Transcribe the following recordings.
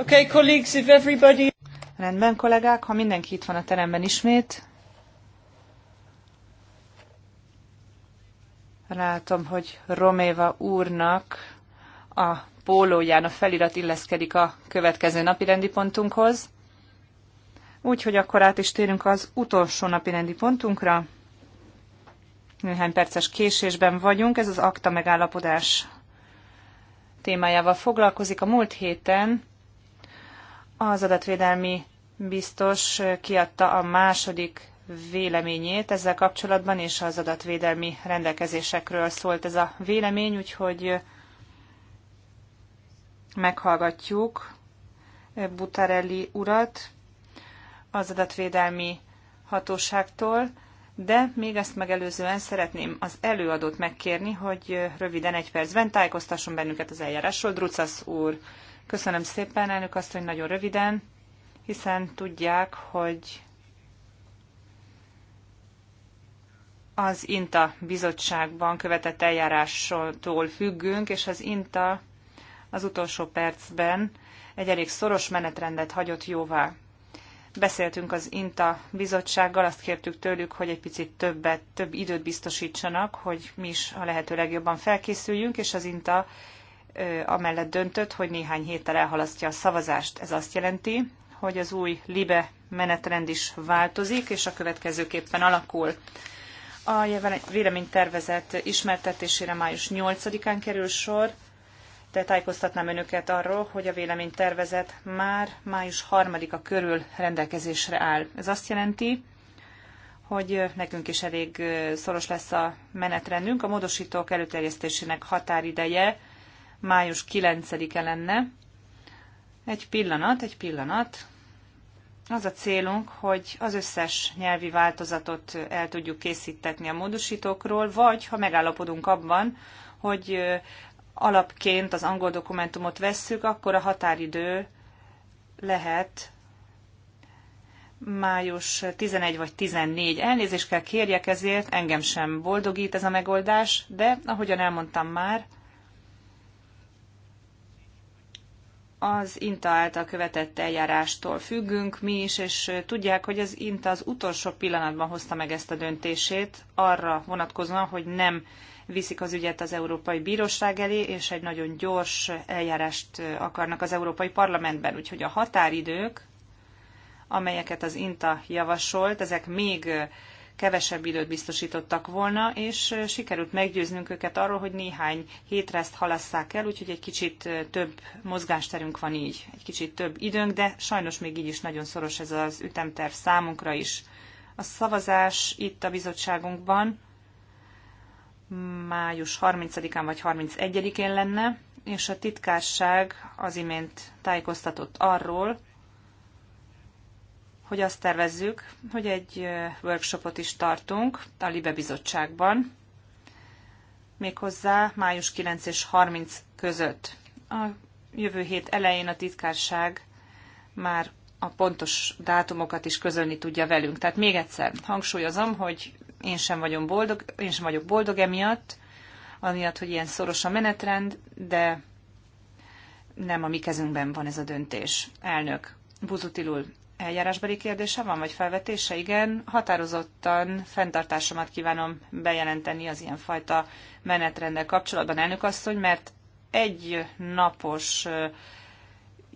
Okay, colleagues, if everybody... Rendben, kollégák, ha mindenki itt van a teremben ismét. Látom, hogy Roméva úrnak a pólóján a felirat illeszkedik a következő napi rendi pontunkhoz. Úgyhogy akkor át is térünk az utolsó napi rendi pontunkra. Néhány perces késésben vagyunk, ez az akta megállapodás témájával foglalkozik. A múlt héten az adatvédelmi biztos kiadta a második véleményét ezzel kapcsolatban, és az adatvédelmi rendelkezésekről szólt ez a vélemény, úgyhogy meghallgatjuk Butarelli urat az adatvédelmi hatóságtól, de még ezt megelőzően szeretném az előadót megkérni, hogy röviden egy percben tájékoztasson bennünket az eljárásról. Drucasz úr, Köszönöm szépen, elnök hogy nagyon röviden, hiszen tudják, hogy az INTA bizottságban követett eljárástól függünk, és az INTA az utolsó percben egy elég szoros menetrendet hagyott jóvá. Beszéltünk az INTA bizottsággal, azt kértük tőlük, hogy egy picit többet, több időt biztosítsanak, hogy mi is a lehető legjobban felkészüljünk, és az INTA amellett döntött, hogy néhány héttel elhalasztja a szavazást. Ez azt jelenti, hogy az új LIBE menetrend is változik, és a következőképpen alakul. A véleménytervezet ismertetésére május 8-án kerül sor, de tájékoztatnám önöket arról, hogy a véleménytervezet már május 3-a körül rendelkezésre áll. Ez azt jelenti, hogy nekünk is elég szoros lesz a menetrendünk. A módosítók előterjesztésének határideje május 9-e lenne. Egy pillanat, egy pillanat. Az a célunk, hogy az összes nyelvi változatot el tudjuk készítetni a módosítókról, vagy ha megállapodunk abban, hogy alapként az angol dokumentumot vesszük, akkor a határidő lehet május 11 vagy 14. Elnézést kell kérjek ezért, engem sem boldogít ez a megoldás, de ahogyan elmondtam már, az INTA által követett eljárástól függünk mi is, és tudják, hogy az INTA az utolsó pillanatban hozta meg ezt a döntését, arra vonatkozóan, hogy nem viszik az ügyet az Európai Bíróság elé, és egy nagyon gyors eljárást akarnak az Európai Parlamentben. Úgyhogy a határidők, amelyeket az INTA javasolt, ezek még kevesebb időt biztosítottak volna, és sikerült meggyőznünk őket arról, hogy néhány hétre ezt halasszák el, úgyhogy egy kicsit több mozgásterünk van így, egy kicsit több időnk, de sajnos még így is nagyon szoros ez az ütemterv számunkra is. A szavazás itt a bizottságunkban május 30-án vagy 31-én lenne, és a titkárság az imént tájékoztatott arról, hogy azt tervezzük, hogy egy workshopot is tartunk a Libe Bizottságban, méghozzá május 9 és 30 között. A jövő hét elején a titkárság már a pontos dátumokat is közölni tudja velünk. Tehát még egyszer hangsúlyozom, hogy én sem, vagyok boldog, én sem vagyok boldog emiatt, amiatt, hogy ilyen szoros a menetrend, de nem a mi kezünkben van ez a döntés. Elnök, buzutilul eljárásbeli kérdése van, vagy felvetése? Igen, határozottan fenntartásomat kívánom bejelenteni az ilyenfajta menetrendel kapcsolatban, elnök asszony, mert egy napos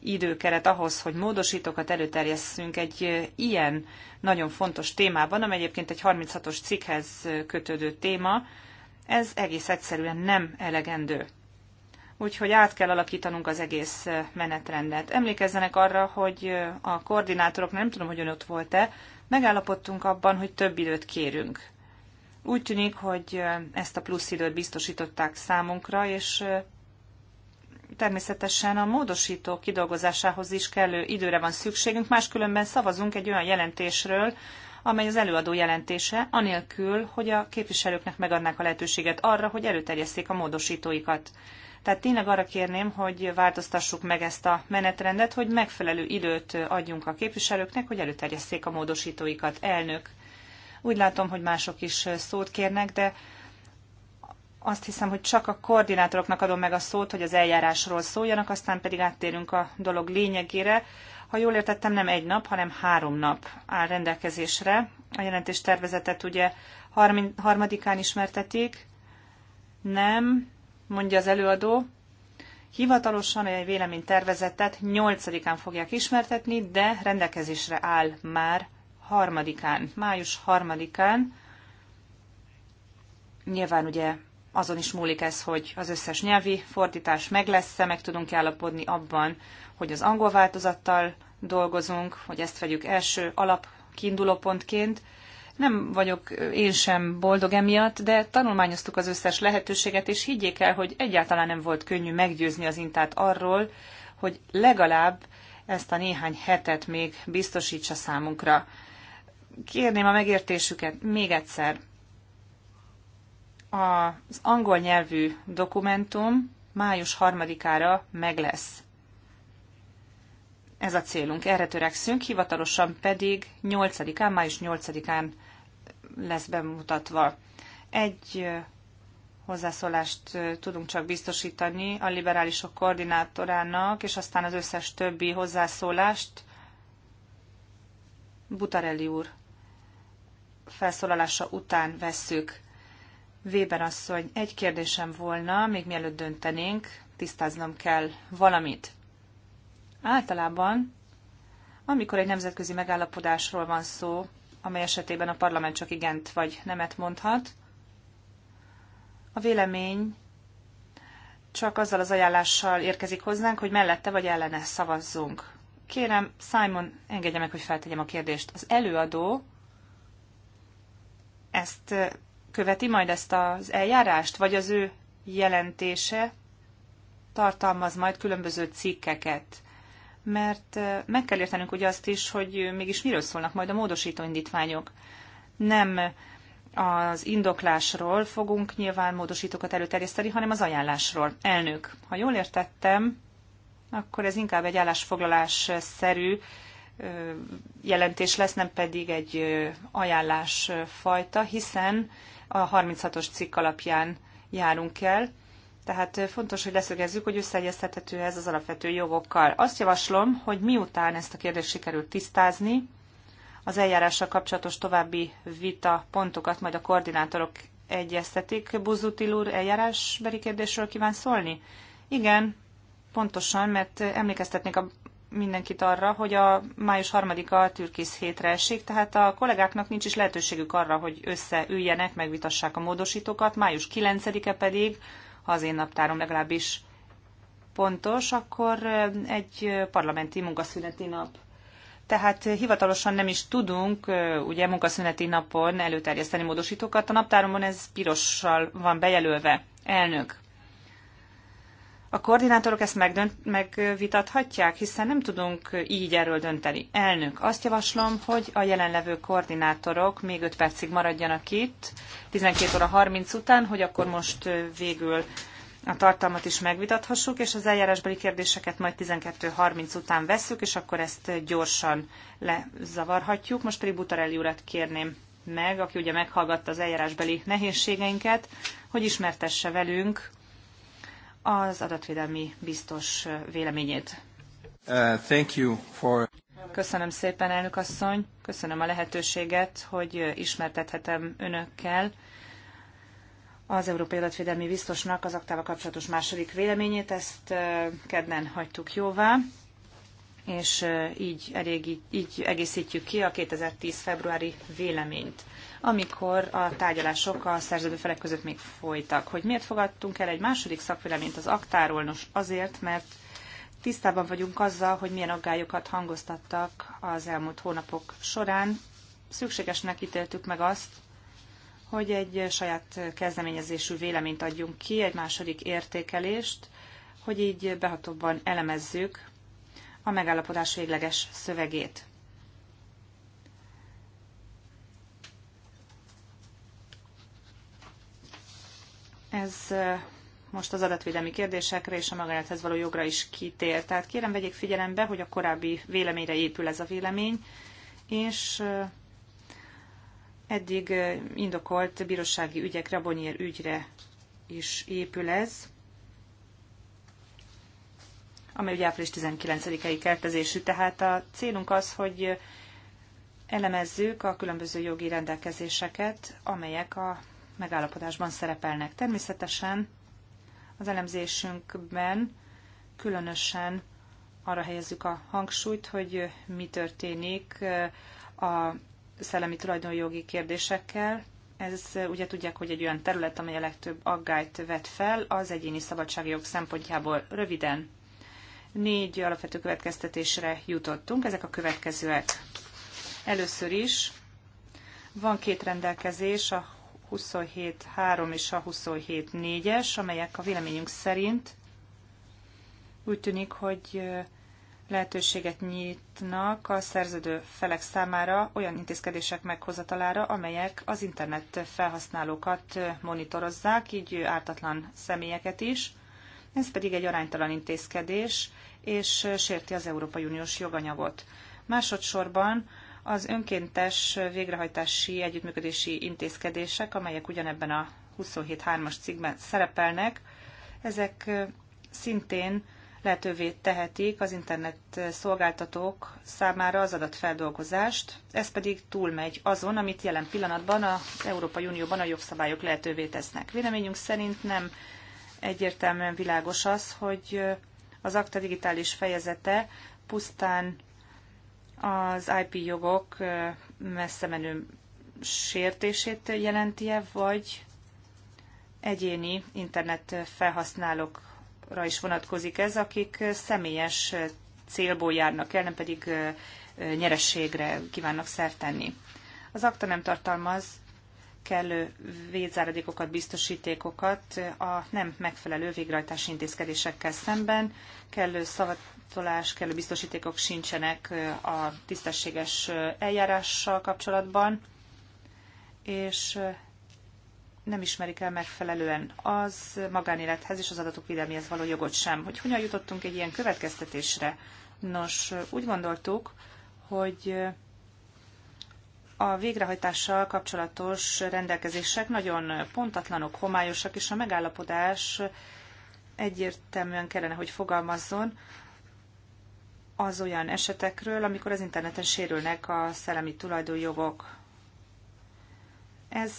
időkeret ahhoz, hogy módosítókat előterjesszünk egy ilyen nagyon fontos témában, amely egyébként egy 36-os cikkhez kötődő téma, ez egész egyszerűen nem elegendő úgyhogy át kell alakítanunk az egész menetrendet. Emlékezzenek arra, hogy a koordinátorok, nem tudom, hogy ön ott volt-e, megállapodtunk abban, hogy több időt kérünk. Úgy tűnik, hogy ezt a plusz időt biztosították számunkra, és természetesen a módosító kidolgozásához is kellő időre van szükségünk, máskülönben szavazunk egy olyan jelentésről, amely az előadó jelentése, anélkül, hogy a képviselőknek megadnák a lehetőséget arra, hogy előterjesszék a módosítóikat. Tehát tényleg arra kérném, hogy változtassuk meg ezt a menetrendet, hogy megfelelő időt adjunk a képviselőknek, hogy előterjesszék a módosítóikat. Elnök, úgy látom, hogy mások is szót kérnek, de azt hiszem, hogy csak a koordinátoroknak adom meg a szót, hogy az eljárásról szóljanak, aztán pedig áttérünk a dolog lényegére. Ha jól értettem, nem egy nap, hanem három nap áll rendelkezésre. A jelentés tervezetet ugye harmadikán ismertetik. Nem, mondja az előadó. Hivatalosan egy véleménytervezetet nyolcadikán fogják ismertetni, de rendelkezésre áll már harmadikán, május harmadikán. Nyilván ugye azon is múlik ez, hogy az összes nyelvi fordítás meg lesz-e, meg tudunk állapodni abban, hogy az angol változattal dolgozunk, hogy ezt vegyük első alap kiindulópontként. Nem vagyok én sem boldog emiatt, de tanulmányoztuk az összes lehetőséget, és higgyék el, hogy egyáltalán nem volt könnyű meggyőzni az intát arról, hogy legalább ezt a néhány hetet még biztosítsa számunkra. Kérném a megértésüket még egyszer az angol nyelvű dokumentum május harmadikára meg lesz. Ez a célunk, erre törekszünk, hivatalosan pedig 8-án, május 8-án lesz bemutatva. Egy hozzászólást tudunk csak biztosítani a liberálisok koordinátorának, és aztán az összes többi hozzászólást Butarelli úr felszólalása után vesszük. Weber asszony, egy kérdésem volna, még mielőtt döntenénk, tisztáznom kell valamit. Általában, amikor egy nemzetközi megállapodásról van szó, amely esetében a parlament csak igent vagy nemet mondhat, a vélemény csak azzal az ajánlással érkezik hozzánk, hogy mellette vagy ellene szavazzunk. Kérem, Simon, engedje meg, hogy feltegyem a kérdést. Az előadó ezt követi majd ezt az eljárást, vagy az ő jelentése tartalmaz majd különböző cikkeket? Mert meg kell értenünk ugye azt is, hogy mégis miről szólnak majd a módosító indítványok. Nem az indoklásról fogunk nyilván módosítókat előterjeszteni, hanem az ajánlásról. Elnök, ha jól értettem, akkor ez inkább egy állásfoglalás szerű jelentés lesz, nem pedig egy ajánlás fajta, hiszen a 36-os cikk alapján járunk el. Tehát fontos, hogy leszögezzük, hogy összeegyeztethető ez az alapvető jogokkal. Azt javaslom, hogy miután ezt a kérdést sikerült tisztázni, az eljárással kapcsolatos további vita pontokat majd a koordinátorok egyeztetik. Buzutil úr eljárásbeli kérdésről kíván szólni? Igen, pontosan, mert emlékeztetnék a mindenkit arra, hogy a május 3-a Türkisz hétre esik, tehát a kollégáknak nincs is lehetőségük arra, hogy összeüljenek, megvitassák a módosítókat, május 9-e pedig, ha az én naptárom legalábbis pontos, akkor egy parlamenti munkaszüneti nap. Tehát hivatalosan nem is tudunk ugye munkaszüneti napon előterjeszteni módosítókat, a naptáromon ez pirossal van bejelölve. Elnök, a koordinátorok ezt megdönt, megvitathatják, hiszen nem tudunk így erről dönteni. Elnök, azt javaslom, hogy a jelenlevő koordinátorok még 5 percig maradjanak itt, 12 óra 30 után, hogy akkor most végül a tartalmat is megvitathassuk, és az eljárásbeli kérdéseket majd 12.30 után vesszük, és akkor ezt gyorsan lezavarhatjuk. Most pedig Butarelli urat kérném meg, aki ugye meghallgatta az eljárásbeli nehézségeinket, hogy ismertesse velünk az adatvédelmi biztos véleményét. Uh, thank you for... Köszönöm szépen, elnök asszony. Köszönöm a lehetőséget, hogy ismertethetem önökkel az Európai Adatvédelmi Biztosnak az aktával kapcsolatos második véleményét. Ezt uh, kedden hagytuk jóvá, és uh, így, elég, így egészítjük ki a 2010. februári véleményt amikor a tárgyalások a szerződő felek között még folytak. Hogy miért fogadtunk el egy második szakvéleményt az aktáról? Nos, azért, mert tisztában vagyunk azzal, hogy milyen aggályokat hangoztattak az elmúlt hónapok során. Szükségesnek ítéltük meg azt, hogy egy saját kezdeményezésű véleményt adjunk ki, egy második értékelést, hogy így behatóbban elemezzük a megállapodás végleges szövegét. Ez most az adatvédelmi kérdésekre és a magánélethez való jogra is kitér. Tehát kérem, vegyék figyelembe, hogy a korábbi véleményre épül ez a vélemény, és eddig indokolt bírósági ügyekre, Bonnier ügyre is épül ez, amely ugye április 19-i kertezésű. Tehát a célunk az, hogy elemezzük a különböző jogi rendelkezéseket, amelyek a megállapodásban szerepelnek. Természetesen az elemzésünkben különösen arra helyezzük a hangsúlyt, hogy mi történik eh, a szellemi tulajdonjogi kérdésekkel. Ez eh, ugye tudják, hogy egy olyan terület, amely a legtöbb aggályt vet fel az egyéni szabadságjog szempontjából. Röviden négy alapvető következtetésre jutottunk. Ezek a következőek. Először is van két rendelkezés a 27.3 és a 27.4-es, amelyek a véleményünk szerint úgy tűnik, hogy lehetőséget nyitnak a szerződő felek számára olyan intézkedések meghozatalára, amelyek az internet felhasználókat monitorozzák, így ártatlan személyeket is. Ez pedig egy aránytalan intézkedés, és sérti az Európai Uniós joganyagot. Másodszorban az önkéntes végrehajtási együttműködési intézkedések, amelyek ugyanebben a 27.3-as cikkben szerepelnek, ezek szintén lehetővé tehetik az internet szolgáltatók számára az adatfeldolgozást, ez pedig túlmegy azon, amit jelen pillanatban az Európai Unióban a jogszabályok lehetővé tesznek. Véleményünk szerint nem egyértelműen világos az, hogy az akta digitális fejezete pusztán az IP jogok messze menő sértését jelenti-e, vagy egyéni internet felhasználókra is vonatkozik ez, akik személyes célból járnak el, nem pedig nyerességre kívánnak szert tenni. Az akta nem tartalmaz kellő védzáradékokat, biztosítékokat a nem megfelelő végrehajtási intézkedésekkel szemben, kellő szavat igazolás, kellő biztosítékok sincsenek a tisztességes eljárással kapcsolatban, és nem ismerik el megfelelően az magánélethez és az adatok védelmihez való jogot sem. Hogy hogyan jutottunk egy ilyen következtetésre? Nos, úgy gondoltuk, hogy a végrehajtással kapcsolatos rendelkezések nagyon pontatlanok, homályosak, és a megállapodás egyértelműen kellene, hogy fogalmazzon az olyan esetekről, amikor az interneten sérülnek a szellemi tulajdonjogok. Ez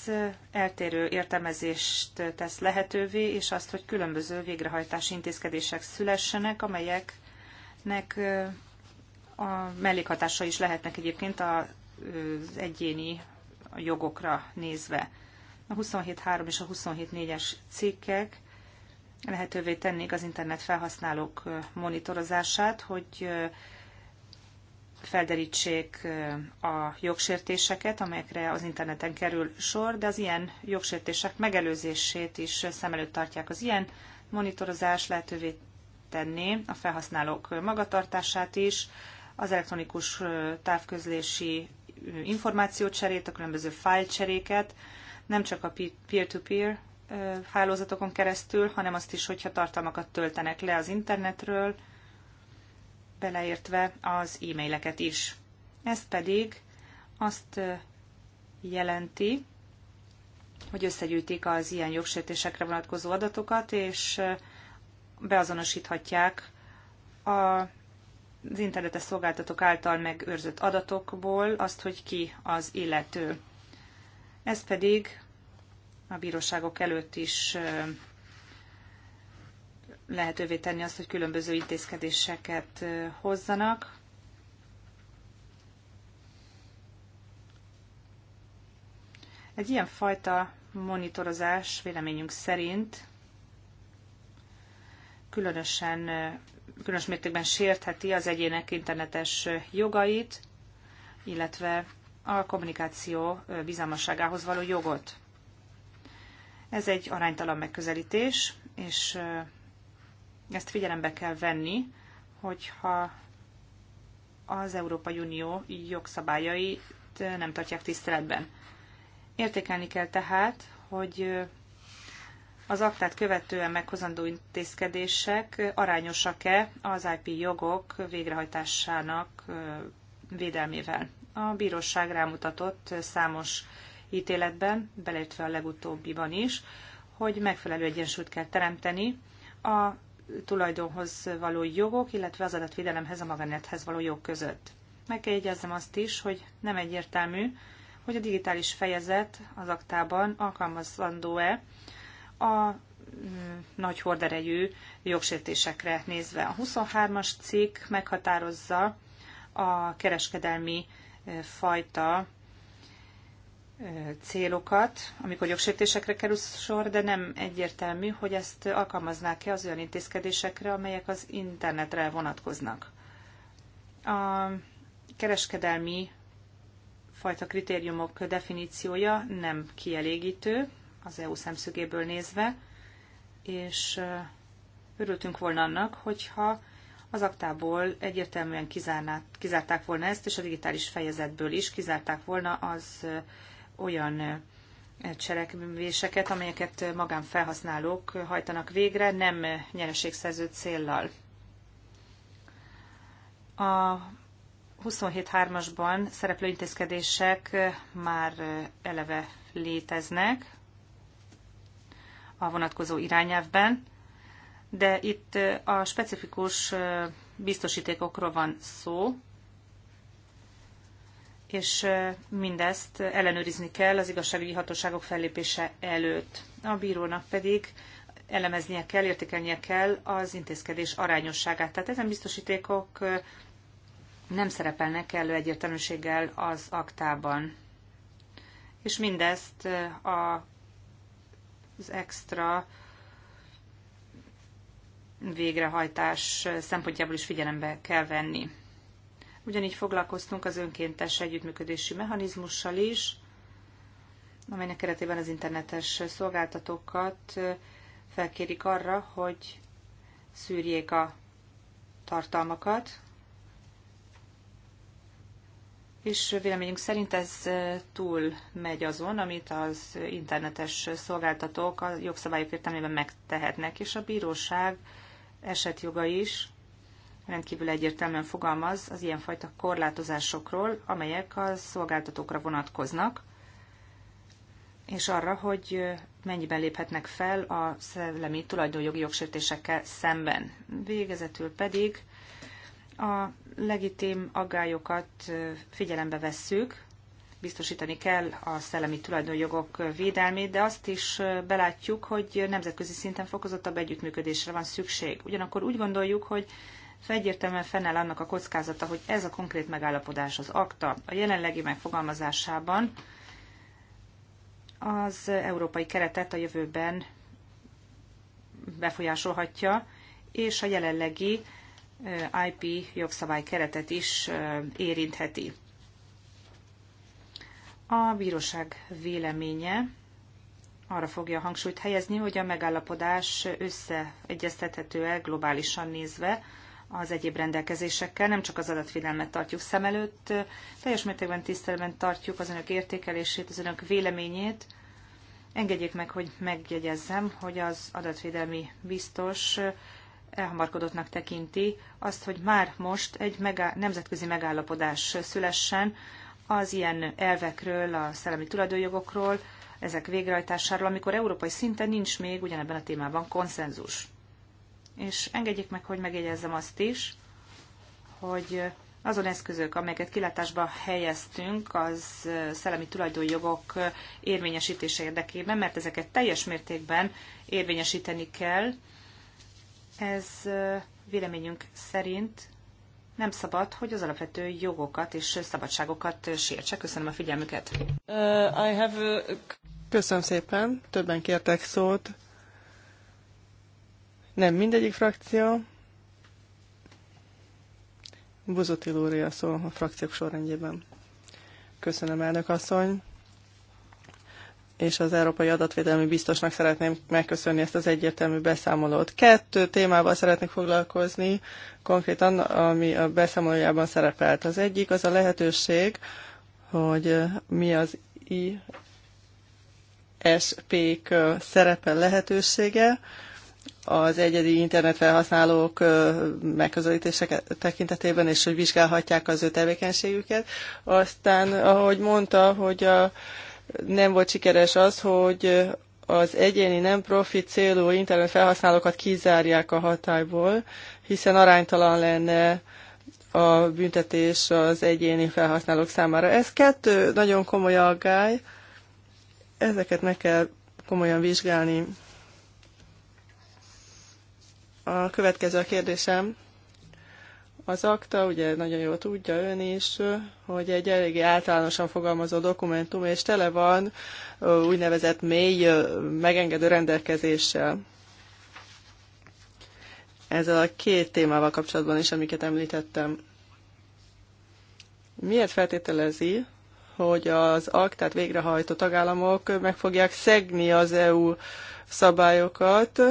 eltérő értelmezést tesz lehetővé, és azt, hogy különböző végrehajtási intézkedések szülessenek, amelyeknek a mellékhatása is lehetnek egyébként az egyéni jogokra nézve. A 27.3 és a 27.4-es cikkek lehetővé tennék az internet felhasználók monitorozását, hogy felderítsék a jogsértéseket, amelyekre az interneten kerül sor, de az ilyen jogsértések megelőzését is szem előtt tartják. Az ilyen monitorozás lehetővé tenni a felhasználók magatartását is, az elektronikus távközlési információcserét, a különböző fájlcseréket, nem csak a peer-to-peer, -peer, hálózatokon keresztül, hanem azt is, hogyha tartalmakat töltenek le az internetről, beleértve az e-maileket is. Ez pedig azt jelenti, hogy összegyűjtik az ilyen jogsértésekre vonatkozó adatokat, és beazonosíthatják a az internetes szolgáltatók által megőrzött adatokból azt, hogy ki az illető. Ez pedig a bíróságok előtt is lehetővé tenni azt, hogy különböző intézkedéseket hozzanak. Egy ilyen fajta monitorozás véleményünk szerint különösen, különös mértékben sértheti az egyének internetes jogait, illetve a kommunikáció bizalmasságához való jogot. Ez egy aránytalan megközelítés, és ezt figyelembe kell venni, hogyha az Európai Unió jogszabályait nem tartják tiszteletben. Értékelni kell tehát, hogy az aktát követően meghozandó intézkedések arányosak-e az IP jogok végrehajtásának védelmével. A bíróság rámutatott számos ítéletben, beleértve a legutóbbiban is, hogy megfelelő egyensúlyt kell teremteni a tulajdonhoz való jogok, illetve az adatvédelemhez, a magánethez való jog között. Meg kell jegyezzem azt is, hogy nem egyértelmű, hogy a digitális fejezet az aktában alkalmazandó-e a mm, nagy horderejű jogsértésekre nézve. A 23-as cikk meghatározza a kereskedelmi e, fajta célokat, amikor jogsértésekre kerül sor, de nem egyértelmű, hogy ezt alkalmaznák-e az olyan intézkedésekre, amelyek az internetre vonatkoznak. A kereskedelmi fajta kritériumok definíciója nem kielégítő az EU szemszögéből nézve, és örültünk volna annak, hogyha az aktából egyértelműen kizárták volna ezt, és a digitális fejezetből is kizárták volna az olyan cselekvéseket, amelyeket magánfelhasználók hajtanak végre, nem nyereségszerző céllal. A 27.3-asban szereplő intézkedések már eleve léteznek a vonatkozó irányelvben, de itt a specifikus biztosítékokról van szó, és mindezt ellenőrizni kell az igazságügyi hatóságok fellépése előtt. A bírónak pedig elemeznie kell, értékelnie kell az intézkedés arányosságát. Tehát ezen biztosítékok nem szerepelnek elő egyértelműséggel az aktában. És mindezt a, az extra végrehajtás szempontjából is figyelembe kell venni. Ugyanígy foglalkoztunk az önkéntes együttműködési mechanizmussal is, amelynek keretében az internetes szolgáltatókat felkérik arra, hogy szűrjék a tartalmakat, és véleményünk szerint ez túl megy azon, amit az internetes szolgáltatók a jogszabályok értelmében megtehetnek, és a bíróság esetjoga is rendkívül egyértelműen fogalmaz az ilyenfajta korlátozásokról, amelyek a szolgáltatókra vonatkoznak, és arra, hogy mennyiben léphetnek fel a szellemi tulajdonjogi jogsértésekkel szemben. Végezetül pedig a legitim aggályokat figyelembe vesszük, biztosítani kell a szellemi tulajdonjogok védelmét, de azt is belátjuk, hogy nemzetközi szinten fokozottabb együttműködésre van szükség. Ugyanakkor úgy gondoljuk, hogy Szóval egyértelműen fennáll annak a kockázata, hogy ez a konkrét megállapodás az akta a jelenlegi megfogalmazásában az európai keretet a jövőben befolyásolhatja, és a jelenlegi IP jogszabály keretet is érintheti. A bíróság véleménye arra fogja a hangsúlyt helyezni, hogy a megállapodás összeegyeztethető-e globálisan nézve az egyéb rendelkezésekkel, nem csak az adatvédelmet tartjuk szem előtt, teljes mértékben tiszteletben tartjuk az önök értékelését, az önök véleményét. Engedjék meg, hogy megjegyezzem, hogy az adatvédelmi biztos elhamarkodottnak tekinti azt, hogy már most egy megá- nemzetközi megállapodás szülessen az ilyen elvekről, a szellemi tulajdonjogokról, ezek végrehajtásáról, amikor európai szinten nincs még ugyanebben a témában konszenzus és engedjék meg, hogy megjegyezzem azt is, hogy azon eszközök, amelyeket kilátásba helyeztünk, az szellemi tulajdonjogok érvényesítése érdekében, mert ezeket teljes mértékben érvényesíteni kell. Ez véleményünk szerint nem szabad, hogy az alapvető jogokat és szabadságokat sértse. Köszönöm a figyelmüket. Uh, I have a... Köszönöm szépen, többen kértek szót. Nem mindegyik frakció. Buzotil Lúria szó a frakciók sorrendjében. Köszönöm, elnök asszony. És az Európai Adatvédelmi Biztosnak szeretném megköszönni ezt az egyértelmű beszámolót. Kettő témával szeretnék foglalkozni, konkrétan ami a beszámolójában szerepelt. Az egyik az a lehetőség, hogy mi az ISP-k szerepe lehetősége, az egyedi internetfelhasználók megközelítések tekintetében, és hogy vizsgálhatják az ő tevékenységüket. Aztán, ahogy mondta, hogy a, nem volt sikeres az, hogy az egyéni nem profit célú internet felhasználókat kizárják a hatályból, hiszen aránytalan lenne a büntetés az egyéni felhasználók számára. Ez kettő nagyon komoly aggály, ezeket meg kell komolyan vizsgálni. A következő a kérdésem. Az akta, ugye nagyon jól tudja ön is, hogy egy eléggé általánosan fogalmazó dokumentum, és tele van úgynevezett mély megengedő rendelkezéssel. Ezzel a két témával kapcsolatban is, amiket említettem. Miért feltételezi, hogy az aktát végrehajtó tagállamok meg fogják szegni az EU szabályokat,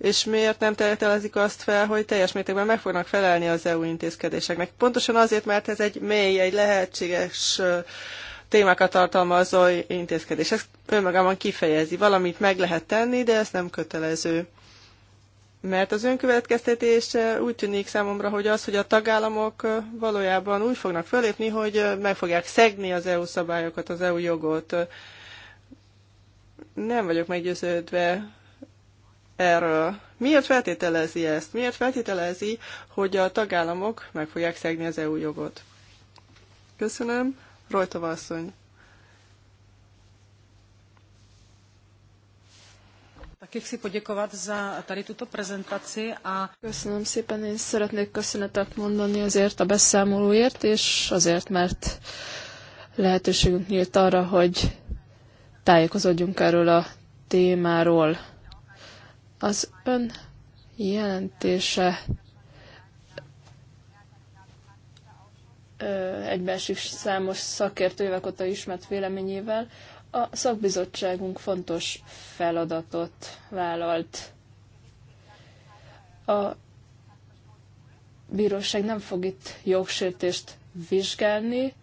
és miért nem teletelezik azt fel, hogy teljes mértékben meg fognak felelni az EU intézkedéseknek. Pontosan azért, mert ez egy mély, egy lehetséges témákat tartalmazó intézkedés. Ezt önmagában kifejezi. Valamit meg lehet tenni, de ez nem kötelező. Mert az önkövetkeztetés úgy tűnik számomra, hogy az, hogy a tagállamok valójában úgy fognak fölépni, hogy meg fogják szegni az EU szabályokat, az EU jogot. Nem vagyok meggyőződve erről. Miért feltételezi ezt? Miért feltételezi, hogy a tagállamok meg fogják szegni az EU jogot? Köszönöm. Rojtova asszony. Taky chci poděkovat za tady tuto prezentaci a... Köszönöm szépen, én szeretnék köszönetet mondani azért a beszámolóért, és azért, mert lehetőségünk nyílt arra, hogy tájékozódjunk erről a témáról. Az ön jelentése egybeesik számos szakértő évek óta ismert véleményével, a szakbizottságunk fontos feladatot vállalt. A bíróság nem fog itt jogsértést vizsgálni.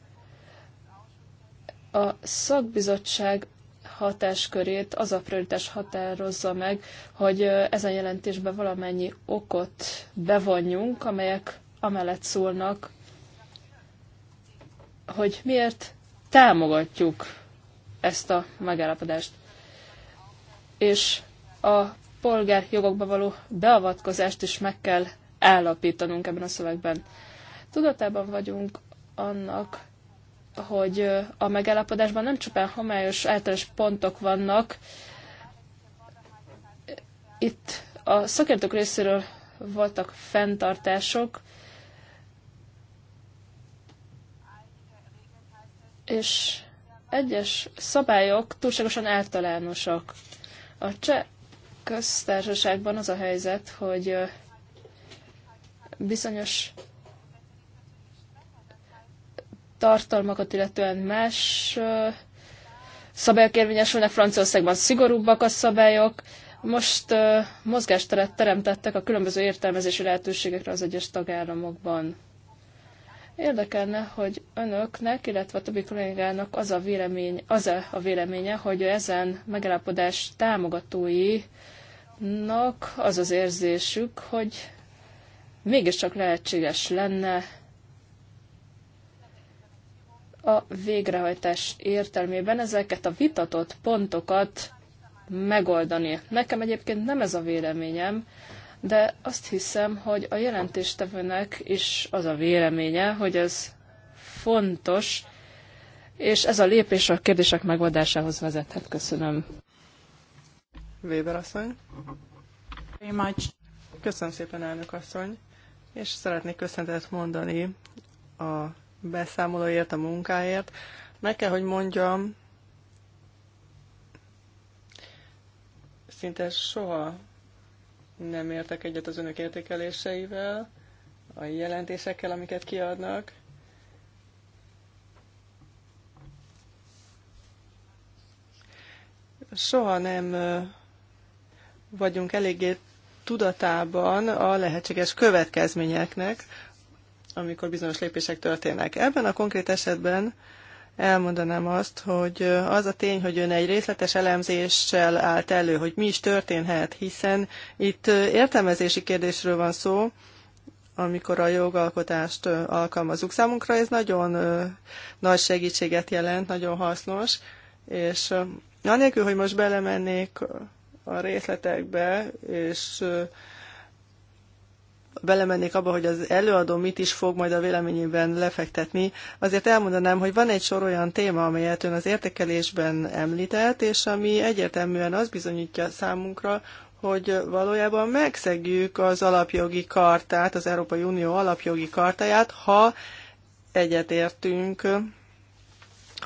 A szakbizottság hatáskörét az a prioritás határozza meg, hogy ezen jelentésben valamennyi okot bevonjunk, amelyek amellett szólnak, hogy miért támogatjuk ezt a megállapodást. És a polgárjogokba való beavatkozást is meg kell állapítanunk ebben a szövegben. Tudatában vagyunk annak, hogy a megállapodásban nem csupán homályos általános pontok vannak. Itt a szakértők részéről voltak fenntartások, és egyes szabályok túlságosan általánosak. A cseh köztársaságban az a helyzet, hogy bizonyos tartalmakat, illetően más szabályok érvényesülnek, Franciaországban szigorúbbak a szabályok. Most mozgásteret teremtettek a különböző értelmezési lehetőségekre az egyes tagállamokban. Érdekelne, hogy önöknek, illetve a többi kollégának az a, vélemény, az -e a véleménye, hogy ezen megállapodás támogatóinak az az érzésük, hogy mégiscsak lehetséges lenne a végrehajtás értelmében ezeket a vitatott pontokat megoldani. Nekem egyébként nem ez a véleményem, de azt hiszem, hogy a jelentéstevőnek is az a véleménye, hogy ez fontos, és ez a lépés a kérdések megoldásához vezethet. Köszönöm. Weber asszony. Köszönöm szépen, elnök asszony. És szeretnék köszönetet mondani a beszámolóért, a munkáért. Meg kell, hogy mondjam, szinte soha nem értek egyet az önök értékeléseivel, a jelentésekkel, amiket kiadnak. Soha nem vagyunk eléggé tudatában a lehetséges következményeknek, amikor bizonyos lépések történnek. Ebben a konkrét esetben elmondanám azt, hogy az a tény, hogy ön egy részletes elemzéssel állt elő, hogy mi is történhet, hiszen itt értelmezési kérdésről van szó, amikor a jogalkotást alkalmazunk. Számunkra ez nagyon nagy segítséget jelent, nagyon hasznos, és anélkül, hogy most belemennék a részletekbe, és belemennék abba, hogy az előadó mit is fog majd a véleményében lefektetni, azért elmondanám, hogy van egy sor olyan téma, amelyet ön az értékelésben említett, és ami egyértelműen az bizonyítja számunkra, hogy valójában megszegjük az alapjogi kartát, az Európai Unió alapjogi kartáját, ha egyetértünk,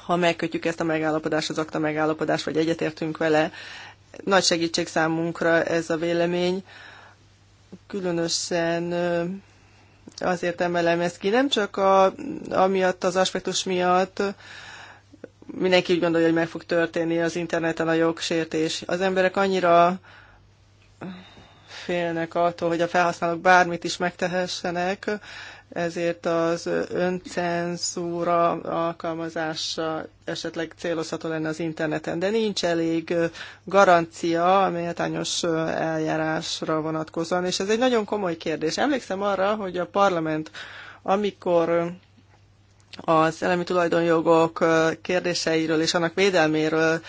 ha megkötjük ezt a megállapodást, az akta megállapodást, vagy egyetértünk vele. Nagy segítség számunkra ez a vélemény különösen azért emelem ezt ki, nem csak a, amiatt az aspektus miatt, mindenki úgy gondolja, hogy meg fog történni az interneten a jogsértés. Az emberek annyira félnek attól, hogy a felhasználók bármit is megtehessenek, ezért az öncenzúra alkalmazása esetleg célozható lenne az interneten, de nincs elég garancia a méltányos eljárásra vonatkozóan, és ez egy nagyon komoly kérdés. Emlékszem arra, hogy a parlament, amikor az elemi tulajdonjogok kérdéseiről és annak védelméről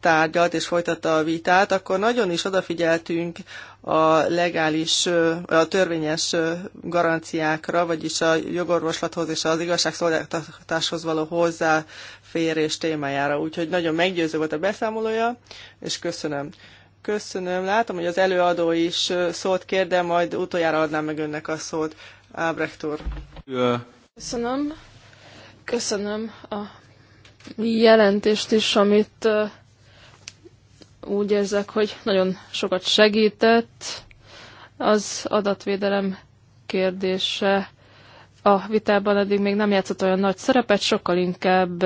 tárgyalt és folytatta a vitát, akkor nagyon is odafigyeltünk a legális, a törvényes garanciákra, vagyis a jogorvoslathoz és az igazságszolgáltatáshoz való hozzáférés témájára. Úgyhogy nagyon meggyőző volt a beszámolója, és köszönöm. Köszönöm. Látom, hogy az előadó is szót kér, de majd utoljára adnám meg önnek a szót. Ábrecht úr. Köszönöm. Köszönöm a jelentést is, amit úgy érzek, hogy nagyon sokat segített az adatvédelem kérdése. A vitában eddig még nem játszott olyan nagy szerepet, sokkal inkább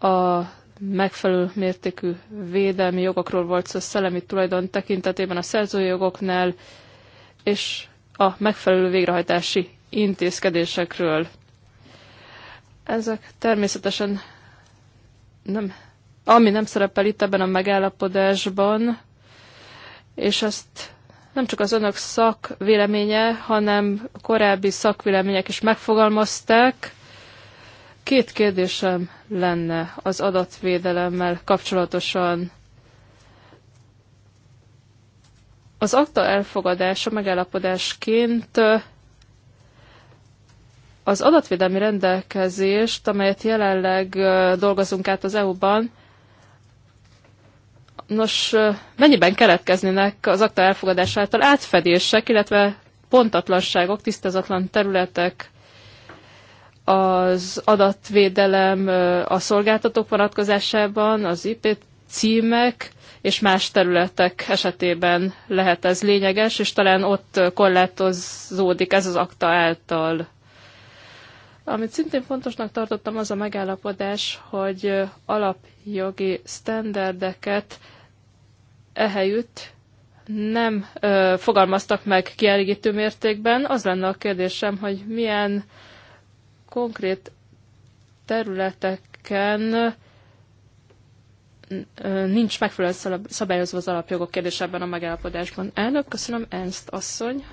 a megfelelő mértékű védelmi jogokról volt szó szellemi tulajdon tekintetében a szerzői jogoknál, és a megfelelő végrehajtási intézkedésekről. Ezek természetesen nem ami nem szerepel itt ebben a megállapodásban, és ezt nem csak az önök szakvéleménye, hanem korábbi szakvélemények is megfogalmazták. Két kérdésem lenne az adatvédelemmel kapcsolatosan. Az akta elfogadása megállapodásként az adatvédelmi rendelkezést, amelyet jelenleg dolgozunk át az EU-ban, Nos, mennyiben keletkeznének az akta elfogadásától átfedések, illetve pontatlanságok, tisztázatlan területek az adatvédelem a szolgáltatók vonatkozásában, az IP címek és más területek esetében lehet ez lényeges, és talán ott korlátozódik ez az akta által. Amit szintén fontosnak tartottam, az a megállapodás, hogy alapjogi sztenderdeket ehelyütt nem ö, fogalmaztak meg kielégítő mértékben. Az lenne a kérdésem, hogy milyen konkrét területeken nincs megfelelő szabályozva az alapjogok kérdés ebben a megállapodásban. Elnök, köszönöm, Ernst asszony.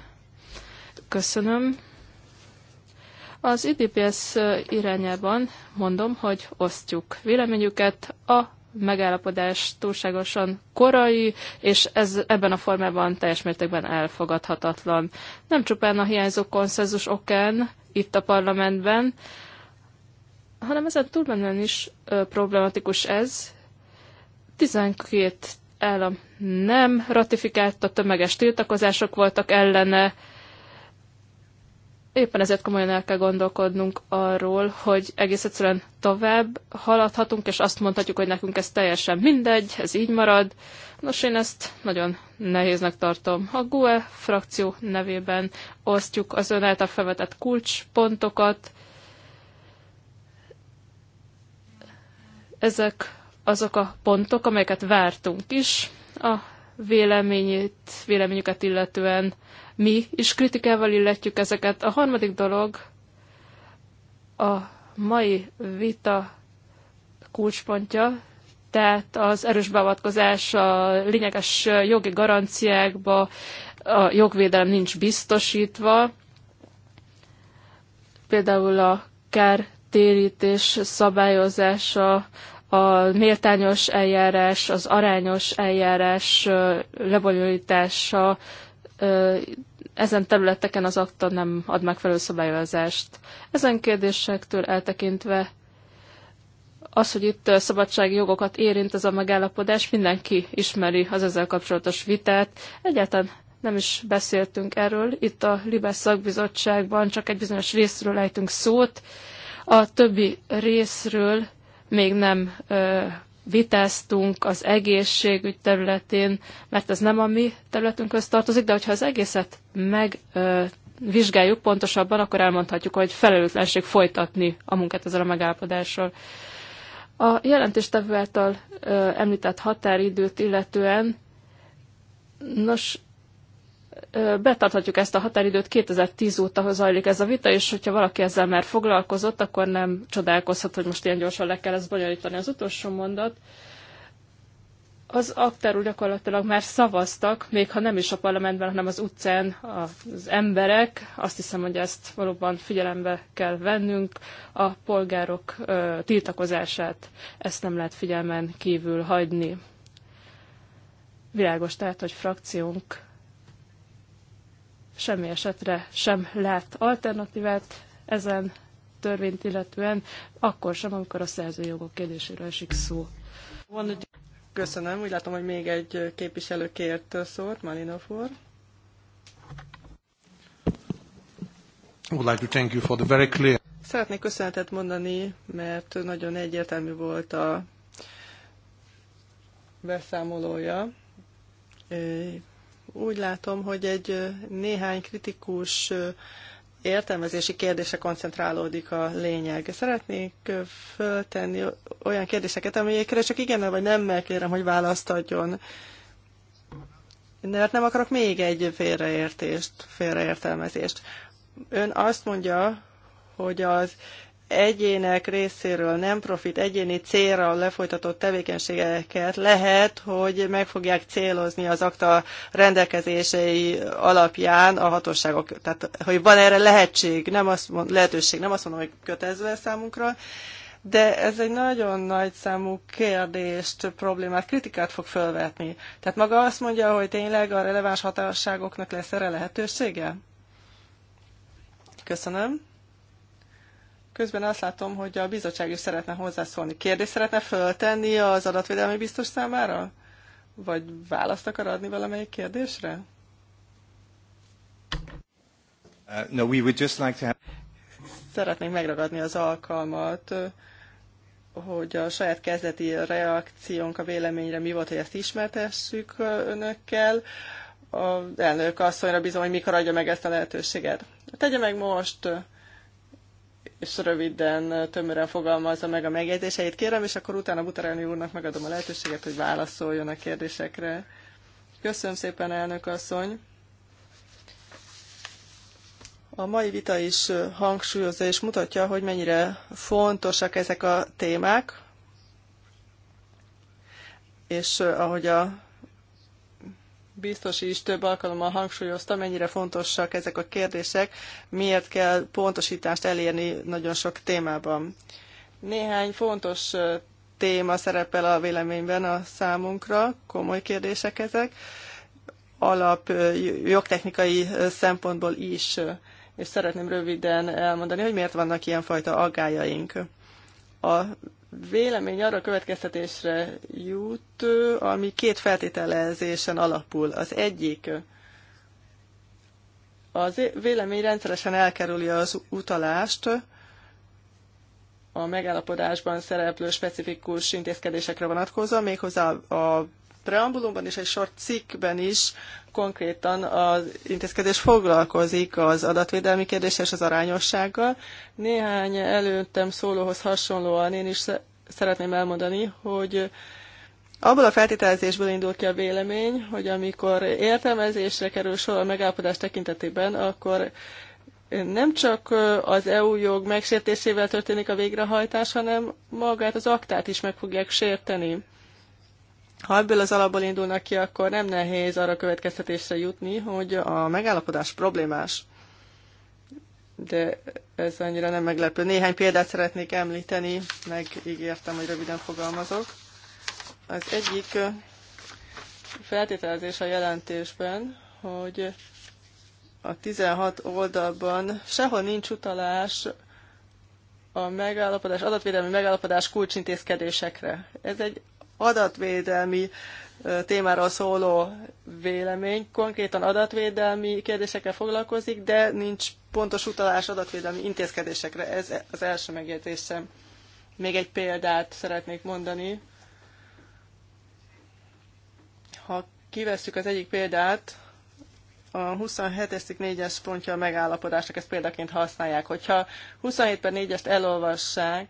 Köszönöm. Az IDPS irányában mondom, hogy osztjuk véleményüket a megállapodás túlságosan korai, és ez ebben a formában teljes mértékben elfogadhatatlan. Nem csupán a hiányzó konszenzus okán itt a parlamentben, hanem ezen túlmenően is ö, problematikus ez. 12 állam nem ratifikált, a tömeges tiltakozások voltak ellene, éppen ezért komolyan el kell gondolkodnunk arról, hogy egész egyszerűen tovább haladhatunk, és azt mondhatjuk, hogy nekünk ez teljesen mindegy, ez így marad. Nos, én ezt nagyon nehéznek tartom. A GUE frakció nevében osztjuk az ön által felvetett kulcspontokat. Ezek azok a pontok, amelyeket vártunk is a véleményét, véleményüket illetően mi is kritikával illetjük ezeket. A harmadik dolog a mai vita kulcspontja, tehát az erős beavatkozás a lényeges jogi garanciákba, a jogvédelem nincs biztosítva. Például a kártérítés szabályozása, a méltányos eljárás, az arányos eljárás lebonyolítása ezen területeken az akta nem ad megfelelő szabályozást. Ezen kérdésektől eltekintve az, hogy itt szabadsági jogokat érint ez a megállapodás, mindenki ismeri az ezzel kapcsolatos vitát. Egyáltalán nem is beszéltünk erről. Itt a Libes szakbizottságban csak egy bizonyos részről ejtünk szót. A többi részről még nem vitáztunk az egészségügy területén, mert ez nem a mi területünkhöz tartozik, de hogyha az egészet megvizsgáljuk pontosabban, akkor elmondhatjuk, hogy felelőtlenség folytatni a munkát ezzel a megállapodással. A jelentéstevő által ö, említett határidőt illetően, nos, betarthatjuk ezt a határidőt, 2010 óta zajlik ez a vita, és hogyha valaki ezzel már foglalkozott, akkor nem csodálkozhat, hogy most ilyen gyorsan le kell ezt bonyolítani. Az utolsó mondat, az aktáról gyakorlatilag már szavaztak, még ha nem is a parlamentben, hanem az utcán az emberek. Azt hiszem, hogy ezt valóban figyelembe kell vennünk, a polgárok ö, tiltakozását. Ezt nem lehet figyelmen kívül hagyni. Világos tehát, hogy frakciónk semmi esetre sem lát alternatívát ezen törvényt illetően, akkor sem, amikor a szerzőjogok kérdéséről esik szó. Köszönöm, úgy látom, hogy még egy képviselő kért szót, Malinov úr. for Szeretnék köszönetet mondani, mert nagyon egyértelmű volt a beszámolója úgy látom, hogy egy néhány kritikus értelmezési kérdése koncentrálódik a lényeg. Szeretnék föltenni olyan kérdéseket, amelyekre csak igen vagy nem kérem, hogy választ adjon. Mert nem akarok még egy félreértést, félreértelmezést. Ön azt mondja, hogy az egyének részéről nem profit egyéni célra lefolytatott tevékenységeket lehet, hogy meg fogják célozni az akta rendelkezései alapján a hatóságok. Tehát, hogy van erre lehetség, nem azt mond, lehetőség, nem azt mondom, hogy kötelező számunkra, de ez egy nagyon nagy számú kérdést, problémát, kritikát fog felvetni. Tehát maga azt mondja, hogy tényleg a releváns hatóságoknak lesz erre lehetősége? Köszönöm. Közben azt látom, hogy a bizottság is szeretne hozzászólni. Kérdést szeretne föltenni az adatvédelmi biztos számára? Vagy választ akar adni valamelyik kérdésre? Uh, no, we would just like to have... Szeretnénk megragadni az alkalmat, hogy a saját kezdeti reakciónk a véleményre mi volt, hogy ezt ismertessük uh, önökkel. A elnök asszonyra bízom, hogy mikor adja meg ezt a lehetőséget. Tegye meg most, és röviden, tömören fogalmazza meg a megjegyzéseit, kérem, és akkor utána Butarelni úrnak megadom a lehetőséget, hogy válaszoljon a kérdésekre. Köszönöm szépen, elnök asszony! A mai vita is hangsúlyozza és mutatja, hogy mennyire fontosak ezek a témák, és eh, ahogy a biztos is több alkalommal hangsúlyozta, mennyire fontosak ezek a kérdések, miért kell pontosítást elérni nagyon sok témában. Néhány fontos téma szerepel a véleményben a számunkra, komoly kérdések ezek, alap jogtechnikai szempontból is, és szeretném röviden elmondani, hogy miért vannak ilyenfajta aggájaink. A vélemény arra a következtetésre jut, ami két feltételezésen alapul. Az egyik, az vélemény rendszeresen elkerüli az utalást a megállapodásban szereplő specifikus intézkedésekre vonatkozva, méghozzá a preambulumban és egy sort cikkben is konkrétan az intézkedés foglalkozik az adatvédelmi kérdéssel és az arányossággal. Néhány előttem szólóhoz hasonlóan én is szeretném elmondani, hogy abból a feltételezésből indul ki a vélemény, hogy amikor értelmezésre kerül sor a megállapodás tekintetében, akkor nem csak az EU jog megsértésével történik a végrehajtás, hanem magát az aktát is meg fogják sérteni. Ha ebből az alapból indulnak ki, akkor nem nehéz arra következtetésre jutni, hogy a megállapodás problémás de ez annyira nem meglepő. Néhány példát szeretnék említeni, ígértem, hogy röviden fogalmazok. Az egyik feltételezés a jelentésben, hogy a 16 oldalban sehol nincs utalás a megállapodás, adatvédelmi megállapodás kulcsintézkedésekre. Ez egy adatvédelmi témáról szóló vélemény, konkrétan adatvédelmi kérdésekkel foglalkozik, de nincs pontos utalás adatvédelmi intézkedésekre. Ez az első megjegyzésem. Még egy példát szeretnék mondani. Ha kivesszük az egyik példát, a 27-es pontja a megállapodásnak, ezt példaként használják. Hogyha 27 per 4-est elolvassák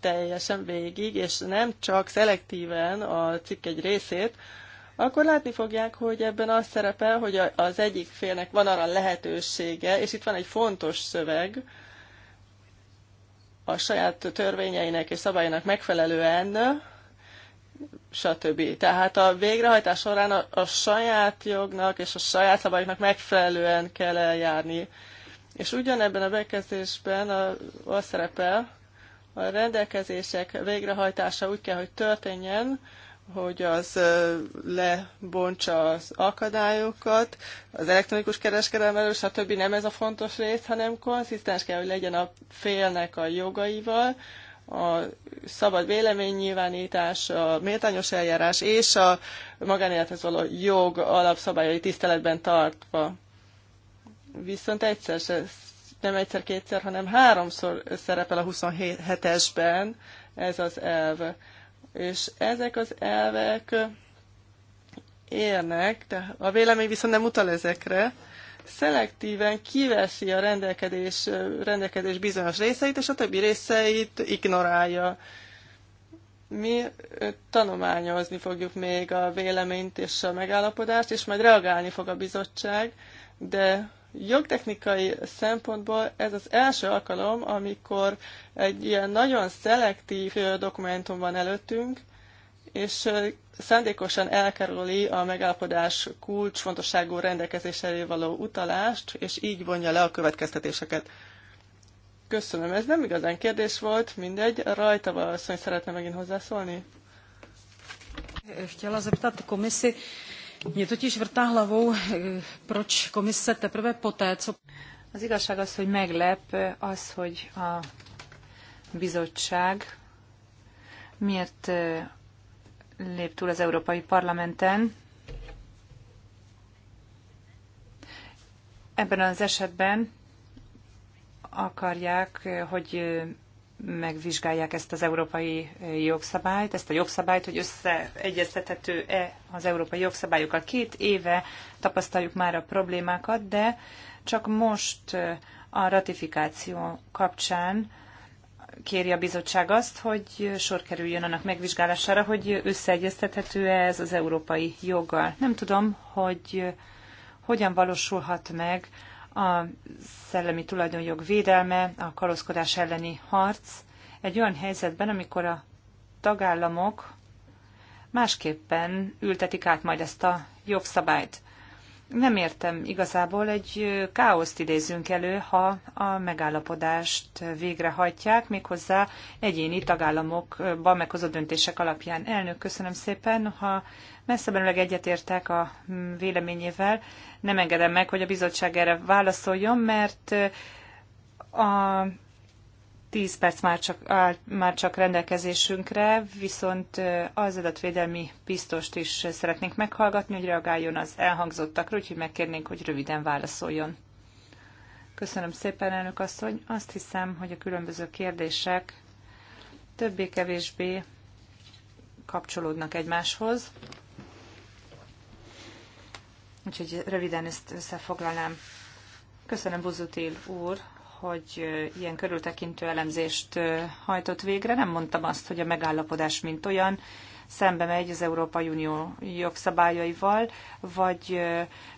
teljesen végig, és nem csak szelektíven a cikk egy részét, akkor látni fogják, hogy ebben az szerepel, hogy az egyik félnek van arra lehetősége, és itt van egy fontos szöveg, a saját törvényeinek és szabályainak megfelelően stb. Tehát a végrehajtás során a, a saját jognak és a saját szabályoknak megfelelően kell eljárni. És ugyanebben a bekezdésben a, a szerepel, a rendelkezések végrehajtása úgy kell, hogy történjen, hogy az lebontsa az akadályokat, az elektronikus kereskedelem elől, stb. nem ez a fontos rész, hanem konszisztens kell, hogy legyen a félnek a jogaival, a szabad véleménynyilvánítás, a méltányos eljárás és a magánélethez való jog alapszabályai tiszteletben tartva. Viszont egyszer se, nem egyszer-kétszer, hanem háromszor szerepel a 27-esben ez az elv. És ezek az elvek érnek, de a vélemény viszont nem utal ezekre, szelektíven kiveszi a rendelkedés, rendelkedés bizonyos részeit, és a többi részeit ignorálja. Mi tanulmányozni fogjuk még a véleményt és a megállapodást, és majd reagálni fog a bizottság, de jogtechnikai szempontból ez az első alkalom, amikor egy ilyen nagyon szelektív dokumentum van előttünk, és szándékosan elkerüli a megállapodás kulcsfontosságú rendelkezésére való utalást, és így vonja le a következtetéseket. Köszönöm, ez nem igazán kérdés volt, mindegy. Rajta asszony szeretne megint hozzászólni? Chtěla zeptat komisi, mě totiž vrtá hlavou, eh, proč komise teprve poté, co... Az igazság az, hogy meglep az, hogy a bizottság miért eh, lép túl az Európai Parlamenten. Ebben az esetben akarják, hogy megvizsgálják ezt az európai jogszabályt, ezt a jogszabályt, hogy összeegyeztethető-e az európai jogszabályokkal. Két éve tapasztaljuk már a problémákat, de csak most a ratifikáció kapcsán kéri a bizottság azt, hogy sor kerüljön annak megvizsgálására, hogy összeegyeztethető-e ez az európai joggal. Nem tudom, hogy hogyan valósulhat meg a szellemi tulajdonjog védelme, a kalózkodás elleni harc egy olyan helyzetben, amikor a tagállamok másképpen ültetik át majd ezt a jogszabályt nem értem igazából, egy káoszt idézünk elő, ha a megállapodást végrehajtják, méghozzá egyéni tagállamokban meghozott döntések alapján. Elnök, köszönöm szépen, ha messzebenőleg egyetértek a véleményével, nem engedem meg, hogy a bizottság erre válaszoljon, mert a 10 perc már csak, áll, már csak rendelkezésünkre, viszont az adatvédelmi biztost is szeretnénk meghallgatni, hogy reagáljon az elhangzottakra, úgyhogy megkérnénk, hogy röviden válaszoljon. Köszönöm szépen, elnök asszony. Azt hiszem, hogy a különböző kérdések többé-kevésbé kapcsolódnak egymáshoz. Úgyhogy röviden ezt összefoglalnám. Köszönöm Buzutil úr hogy ilyen körültekintő elemzést hajtott végre. Nem mondtam azt, hogy a megállapodás mint olyan szembe megy az Európai Unió jogszabályaival, vagy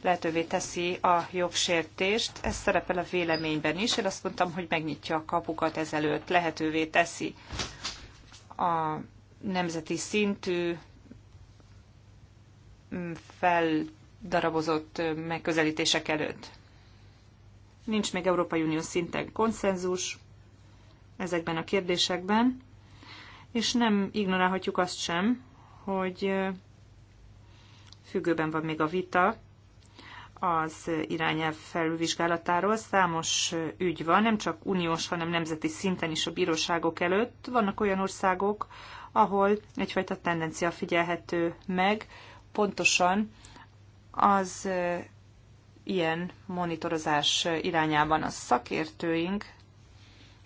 lehetővé teszi a jogsértést. Ez szerepel a véleményben is. Én azt mondtam, hogy megnyitja a kapukat ezelőtt, lehetővé teszi a nemzeti szintű mm, feldarabozott megközelítések előtt. Nincs még Európai Unió szinten konszenzus ezekben a kérdésekben, és nem ignorálhatjuk azt sem, hogy függőben van még a vita az irányelv felülvizsgálatáról. Számos ügy van, nem csak uniós, hanem nemzeti szinten is a bíróságok előtt. Vannak olyan országok, ahol egyfajta tendencia figyelhető meg, pontosan az ilyen monitorozás irányában a szakértőink,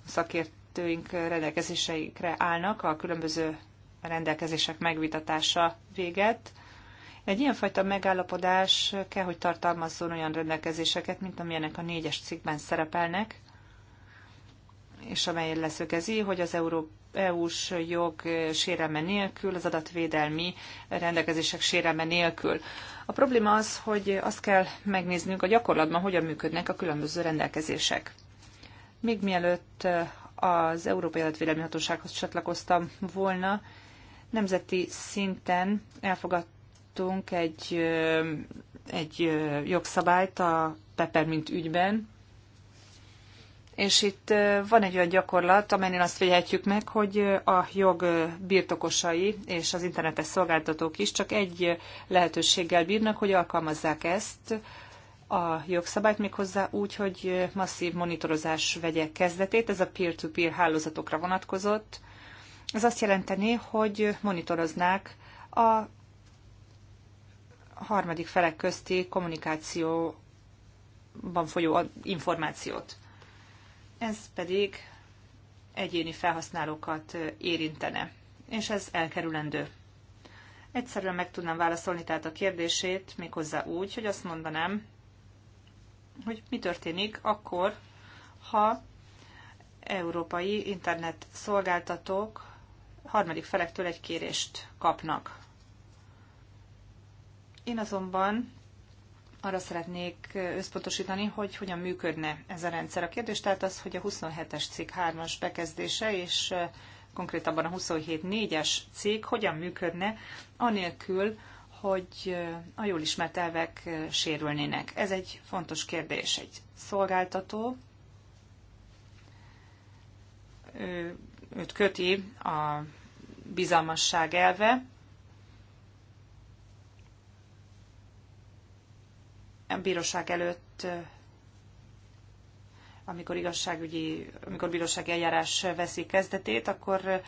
a szakértőink rendelkezéseikre állnak a különböző rendelkezések megvitatása véget. Egy ilyenfajta megállapodás kell, hogy tartalmazzon olyan rendelkezéseket, mint amilyenek a négyes cikkben szerepelnek, és amely leszögezi, hogy az Euró EU-s jog sérelme nélkül, az adatvédelmi rendelkezések sérelme nélkül. A probléma az, hogy azt kell megnéznünk a gyakorlatban, hogyan működnek a különböző rendelkezések. Még mielőtt az Európai Adatvédelmi Hatósághoz csatlakoztam volna, nemzeti szinten elfogadtunk egy, egy jogszabályt a Peppermint ügyben, és itt van egy olyan gyakorlat, amelynél azt figyelhetjük meg, hogy a jog birtokosai és az internetes szolgáltatók is csak egy lehetőséggel bírnak, hogy alkalmazzák ezt a jogszabályt méghozzá úgy, hogy masszív monitorozás vegye kezdetét. Ez a peer-to-peer -peer hálózatokra vonatkozott. Ez azt jelenteni, hogy monitoroznák a harmadik felek közti kommunikációban folyó információt ez pedig egyéni felhasználókat érintene, és ez elkerülendő. Egyszerűen meg tudnám válaszolni tehát a kérdését, méghozzá úgy, hogy azt mondanám, hogy mi történik akkor, ha európai internet szolgáltatók harmadik felektől egy kérést kapnak. Én azonban arra szeretnék összpontosítani, hogy hogyan működne ez a rendszer. A kérdés tehát az, hogy a 27-es cikk 3-as bekezdése és konkrétabban a 27 4 es cikk hogyan működne, anélkül, hogy a jól ismert elvek sérülnének. Ez egy fontos kérdés. Egy szolgáltató, őt köti a bizalmasság elve, a bíróság előtt, amikor igazságügyi, amikor bírósági eljárás veszi kezdetét, akkor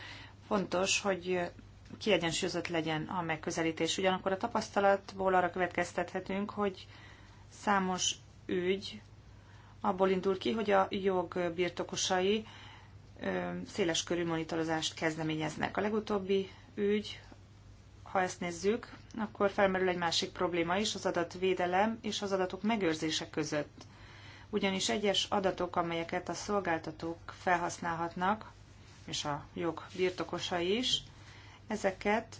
fontos, hogy kiegyensúlyozott legyen a megközelítés. Ugyanakkor a tapasztalatból arra következtethetünk, hogy számos ügy abból indul ki, hogy a jog birtokosai széles körű monitorozást kezdeményeznek. A legutóbbi ügy, ha ezt nézzük, akkor felmerül egy másik probléma is, az adatvédelem és az adatok megőrzése között. Ugyanis egyes adatok, amelyeket a szolgáltatók felhasználhatnak, és a jog birtokosai is, ezeket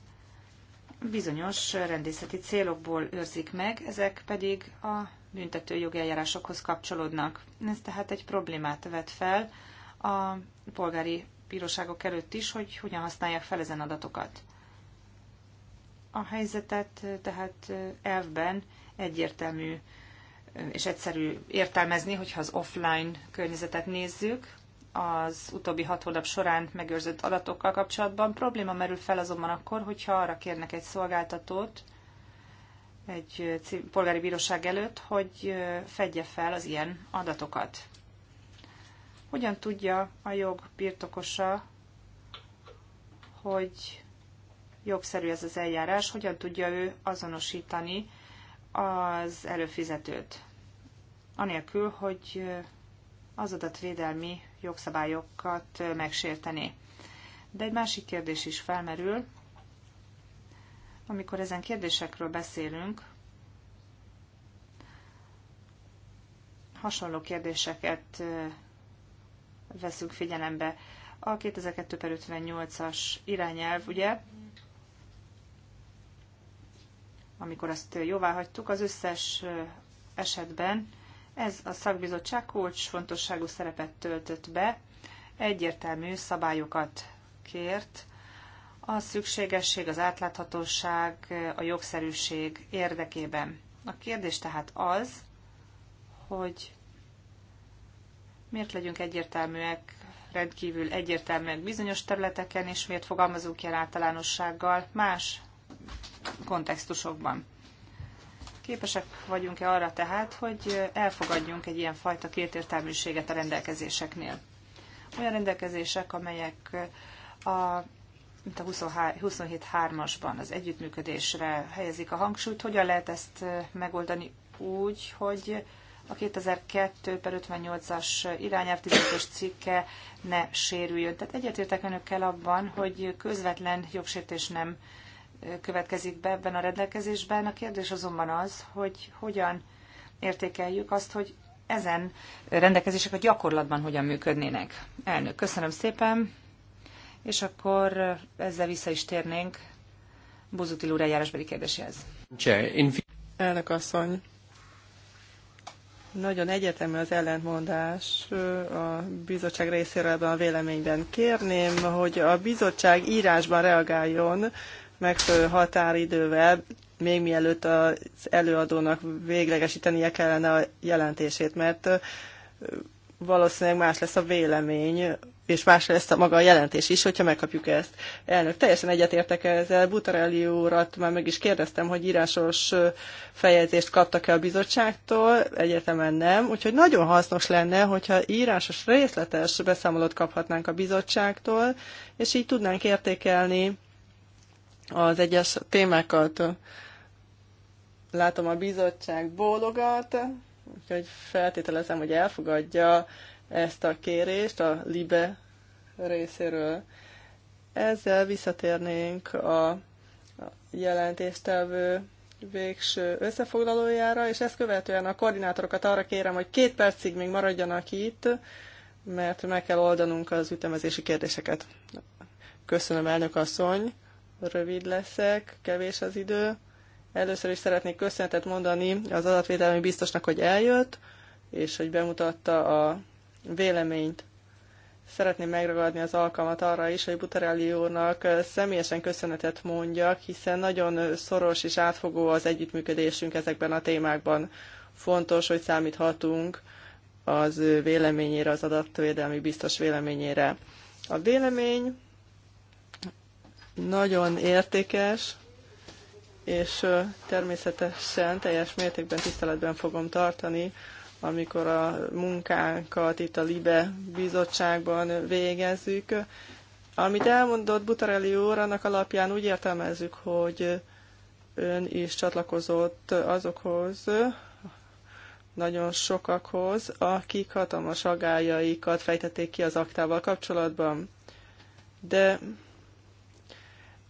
bizonyos rendészeti célokból őrzik meg, ezek pedig a büntető jogeljárásokhoz kapcsolódnak. Ez tehát egy problémát vet fel a polgári bíróságok előtt is, hogy hogyan használják fel ezen adatokat. A helyzetet tehát elvben egyértelmű és egyszerű értelmezni, hogyha az offline környezetet nézzük, az utóbbi hat hónap során megőrzött adatokkal kapcsolatban. Probléma merül fel azonban akkor, hogyha arra kérnek egy szolgáltatót, egy polgári bíróság előtt, hogy fedje fel az ilyen adatokat. Hogyan tudja a jog birtokosa, hogy jogszerű ez az eljárás, hogyan tudja ő azonosítani az előfizetőt, anélkül, hogy az adatvédelmi jogszabályokat megsértené. De egy másik kérdés is felmerül, amikor ezen kérdésekről beszélünk, hasonló kérdéseket veszünk figyelembe. A 2258 as irányelv ugye amikor azt jóvá hagytuk, az összes esetben ez a szakbizottság fontosságú szerepet töltött be, egyértelmű szabályokat kért, a szükségesség, az átláthatóság, a jogszerűség érdekében. A kérdés tehát az, hogy miért legyünk egyértelműek, rendkívül egyértelműek bizonyos területeken, és miért fogalmazunk ilyen általánossággal más kontextusokban. Képesek vagyunk-e arra tehát, hogy elfogadjunk egy ilyen fajta kétértelműséget a rendelkezéseknél? Olyan rendelkezések, amelyek a mint a 27.3-asban az együttműködésre helyezik a hangsúlyt. Hogyan lehet ezt megoldani úgy, hogy a 2002 per 58-as irányelv 15-ös cikke ne sérüljön. Tehát egyetértek önökkel abban, hogy közvetlen jogsértés nem következik be ebben a rendelkezésben. A kérdés azonban az, hogy hogyan értékeljük azt, hogy ezen rendelkezések a gyakorlatban hogyan működnének. Elnök, köszönöm szépen, és akkor ezzel vissza is térnénk Buzutil úr eljárásbeli kérdéséhez. Elnök asszony, nagyon egyetemű az ellentmondás a bizottság részéről ebben a véleményben. Kérném, hogy a bizottság írásban reagáljon megfelelő határidővel, még mielőtt az előadónak véglegesítenie kellene a jelentését, mert valószínűleg más lesz a vélemény, és más lesz a maga a jelentés is, hogyha megkapjuk ezt. Elnök, teljesen egyetértek ezzel. Butarelli úrat már meg is kérdeztem, hogy írásos fejezést kaptak-e a bizottságtól. Egyetemen nem. Úgyhogy nagyon hasznos lenne, hogyha írásos részletes beszámolót kaphatnánk a bizottságtól, és így tudnánk értékelni az egyes témákat. Látom a bizottság bólogat, úgyhogy feltételezem, hogy elfogadja ezt a kérést a LIBE részéről. Ezzel visszatérnénk a jelentéstelvő végső összefoglalójára, és ezt követően a koordinátorokat arra kérem, hogy két percig még maradjanak itt, mert meg kell oldanunk az ütemezési kérdéseket. Köszönöm, elnök asszony! rövid leszek, kevés az idő. Először is szeretnék köszönetet mondani az adatvédelmi biztosnak, hogy eljött, és hogy bemutatta a véleményt. Szeretném megragadni az alkalmat arra is, hogy Butarelli úrnak személyesen köszönetet mondjak, hiszen nagyon szoros és átfogó az együttműködésünk ezekben a témákban. Fontos, hogy számíthatunk az véleményére, az adatvédelmi biztos véleményére. A vélemény nagyon értékes, és természetesen teljes mértékben tiszteletben fogom tartani, amikor a munkánkat itt a LIBE bizottságban végezzük. Amit elmondott Butarelli úr, annak alapján úgy értelmezzük, hogy ön is csatlakozott azokhoz, nagyon sokakhoz, akik hatalmas agályaikat fejtették ki az aktával kapcsolatban. De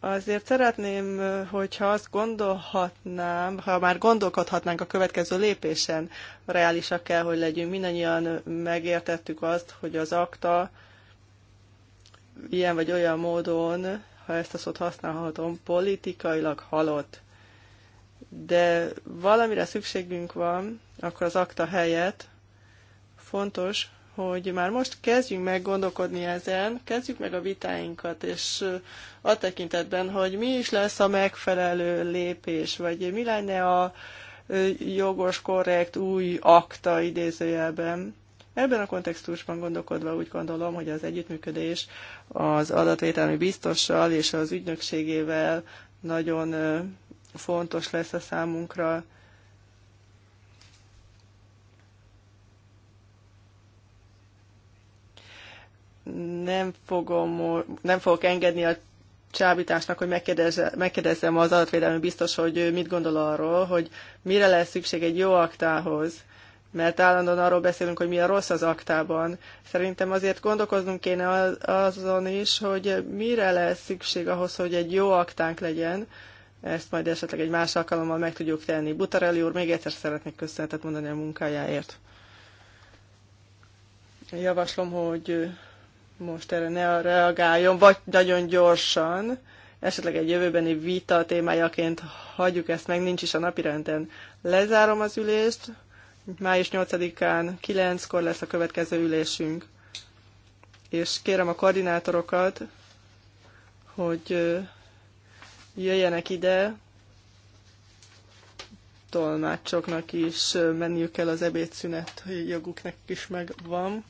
Azért szeretném, hogyha azt gondolhatnám, ha már gondolkodhatnánk a következő lépésen, reálisak kell, hogy legyünk. Mindannyian megértettük azt, hogy az akta ilyen vagy olyan módon, ha ezt a szót használhatom, politikailag halott. De valamire szükségünk van, akkor az akta helyett fontos, hogy már most kezdjünk meg gondolkodni ezen, kezdjük meg a vitáinkat, és a tekintetben, hogy mi is lesz a megfelelő lépés, vagy mi lenne a jogos, korrekt, új akta idézőjelben. Ebben a kontextusban gondolkodva úgy gondolom, hogy az együttműködés az adatvételmi biztossal és az ügynökségével nagyon fontos lesz a számunkra, nem, fogom, nem fogok engedni a csábításnak, hogy megkérdezzem az adatvédelmi biztos, hogy mit gondol arról, hogy mire lesz szükség egy jó aktához, mert állandóan arról beszélünk, hogy mi a rossz az aktában. Szerintem azért gondolkoznunk kéne azon is, hogy mire lesz szükség ahhoz, hogy egy jó aktánk legyen, ezt majd esetleg egy más alkalommal meg tudjuk tenni. Butarelli úr, még egyszer szeretnék köszönetet mondani a munkájáért. Javaslom, hogy most erre ne reagáljon, vagy nagyon gyorsan, esetleg egy jövőbeni vita témájaként hagyjuk ezt meg, nincs is a napirenden. Lezárom az ülést, május 8-án 9-kor lesz a következő ülésünk. És kérem a koordinátorokat, hogy jöjjenek ide, tolmácsoknak is menniük kell az ebédszünet joguknak is megvan.